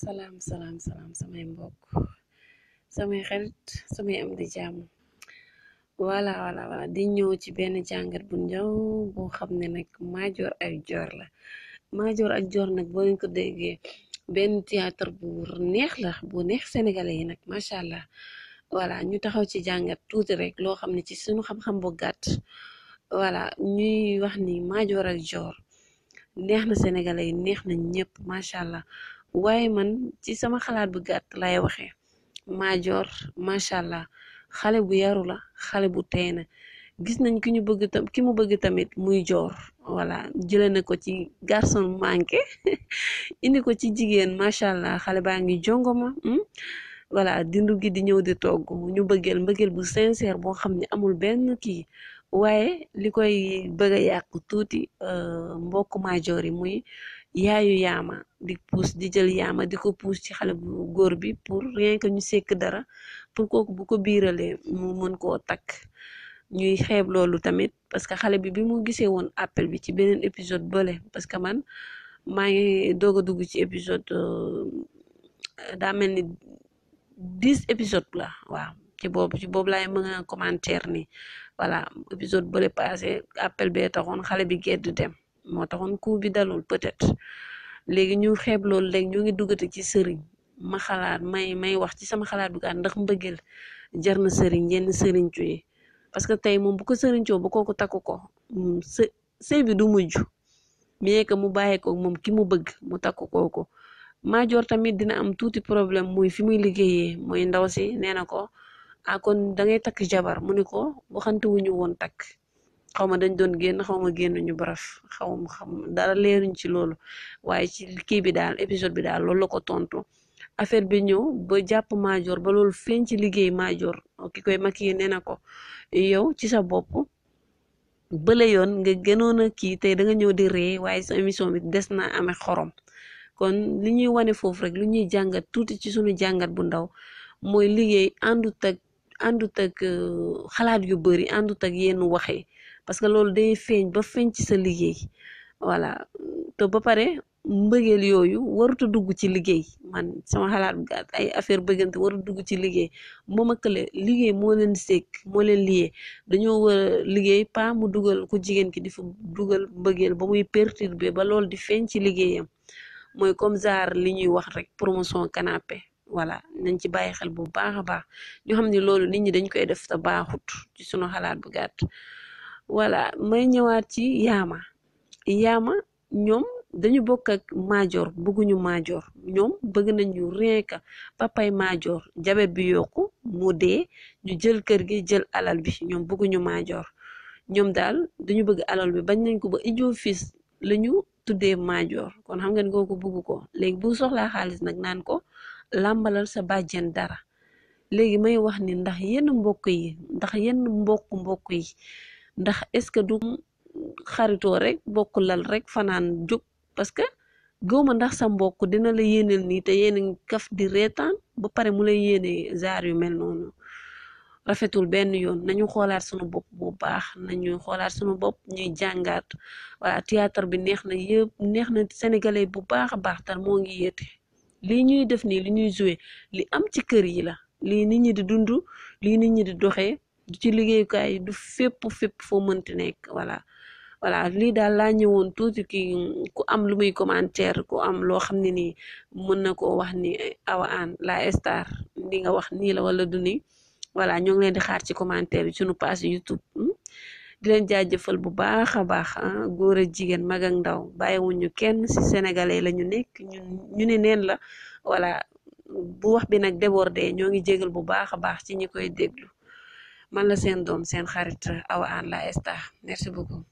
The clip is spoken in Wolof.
salaam salaam salaam samay mbokk samay xarit samay am di jàmm wala wala di ñëw ci benn jàngat bu njaw boo xam ne nag maajoor ay joor la maajoor ak joor nag boo ko déggee benn théâtre bu neex la bu neex sénégalais yi nag macha allah voilà ñu taxaw ci jàngat tuuti rek loo xam ne ci suñu xam-xam bu gàtt wala ñuy wax ni maajoor ak joor neex na sénégalais yi neex na ñëpp macha waaye man ci sama xalaat bu gàtt lay waxee Madior macha allah xale bu yaru la xale bu teena gis nañ ki ñu bëgg ki mu bëgg tamit muy joor voilà jëlee na ko ci garçon manqué indi ko ci jigéen macha allah xale baa ngi jongoma hmm? voilà dindu gi di ñëw di togg ñu bëggeel mbëggeel bu sincère boo xam ne amul benn kii waaye li koy bëgg yàqu yàq tuuti euh, mbokk maajoor yi muy yaayu yaama di puus di jël yaama di ko puus ci xale bu góor bi pour rien que ñu sekk dara pour kooku bu ko biiralee mu mën koo takk ñuy xeeb loolu tamit parce que xale bi bi mu gisee woon appel bi ci beneen épisode bële parce que man maa ngi doog dugg ci épisode euh, daa mel ni dix épisode la waaw ci boobu ci boobu laay mën a commentaire ni voilà épisode bële passé appel bee taxoon xale bi gedd dem moo taxoon coup bi dalul peut-être léegi ñu xeeb loolu léegi ñu ngi duggati ci sëriñ ma xalaat may may wax ci sama xalaat bu gaat ndax mbëggeel jar na sëriñ yenn sëriñ yi parce que tey moom bu ko sëriñ coo ba kooku ko mm, së sëy bi du mujj bien que mu bàyyee ko moom ki mu bëgg mu takku kooku maajoor tamit dina am tuuti problème muy fi muy liggéeyee mooy ndaw si nee na ko ah kon da ngay takk jabar mu ne ko waxante wuñu woon takk xaw ma dañ doon génn xaw ma génn ñu baraf xaw ma xam dara leeruñ ci loolu waaye ci kii bi daal épisode bi daal lool la ko tontu affaire bi ñëw ba jàpp maajoor ba loolu feeñ ci liggéey maajoor ki koy maquillé nee na ko yow ci sa bopp bële yoon nga gënoon a kii tey da nga ñëw di ree waaye sa émission bi des na amee xorom kon li ñuy wane foofu rek li ñuy jàngat tuuti ci suñu jàngat bu ndaw mooy liggéey àndut ak àndut ak euh, xalaat yu bari àndut ak yenn waxe parce que loolu day feeñ ba feeñ ci sa liggéey voilà te ba pare mbëggeel yooyu waruta dugg ci liggéey man sama xalaat gàtt ay affaire bëggante waruta dugg ci liggéey moom ak kële liggéey moo leen sekk moo leen liyee dañoo liggéey pas mu dugal ku jigéen ki di fa dugal mbëggeel ba muy perturber ba loolu di feeñ ci liggéeyam mooy comme genre li ñuy wax rek promotion canapé voilà nañ ci bàyyi xel bu baax a baax ñu xam ni loolu nit ñi dañ koy def te baaxut ci sunu xalaat bu gàtt voilà may ñëwaat ci yaama yaama ñoom dañu bokk ak maajoor bëgguñu maajoor ñoom bëgg nañu rien que papay maajoor jabet bi yokku mu dee ñu jël kër gi jël alal bi ñoom bëgguñu maajoor ñoom daal dañu bëgg alal bi bañ nañ ko ba ijo fils lañu tuddee maajoor kon xam ngeen kooku bëgg ko léegi bu soxlaa xaalis nag naan ko làmbalal sa bàjjen dara léegi may wax ni ndax yenn mbokk yi ndax yenn mbokk mbokk yi ndax est-ce que du xaritoo rek bokk lal rek fanaan jóg parce que ma ndax sa mbokk dina la yéeneel nii te yéen kaf di reetaan ba pare mu lay yéene zaar yu mel noonu rafetul benn yoon nañu xoolaat sunu bopp bu baax na nañu xoolaat sunu bopp ñuy jàngaat waa théâtre bi neex na yëpp neex na sénégalais bu baax a baax tal moo ngi yéete lii ñuy def nii li ñuy joué li am ci kër yi la lii nit ñi di dund li nit ñi di doxee du ci liggéeyukaay du fépp fépp foo mënti nekk voilà voilà lii daal la ñëwoon tuuti ki ku am lu muy commentaire ku am loo xam ne nii mën na koo wax ni Awa Hann La Star li nga wax nii la wala du nii voilà ñoo ngi di xaar ci commentaire bi sunu page YouTube di leen jaajëfal bu baax a baax ah, góor ak jigéen maga ndaw bàyyiwuñ ñu kenn ci sénégalais la ñu nekk ñu ne neen la wala bu wax bi nag débordé ñoo ngi jégal bu baax a baax ci ñi koy déglu man la seen doom seen xarit Awa Hann la Star merci beaucoup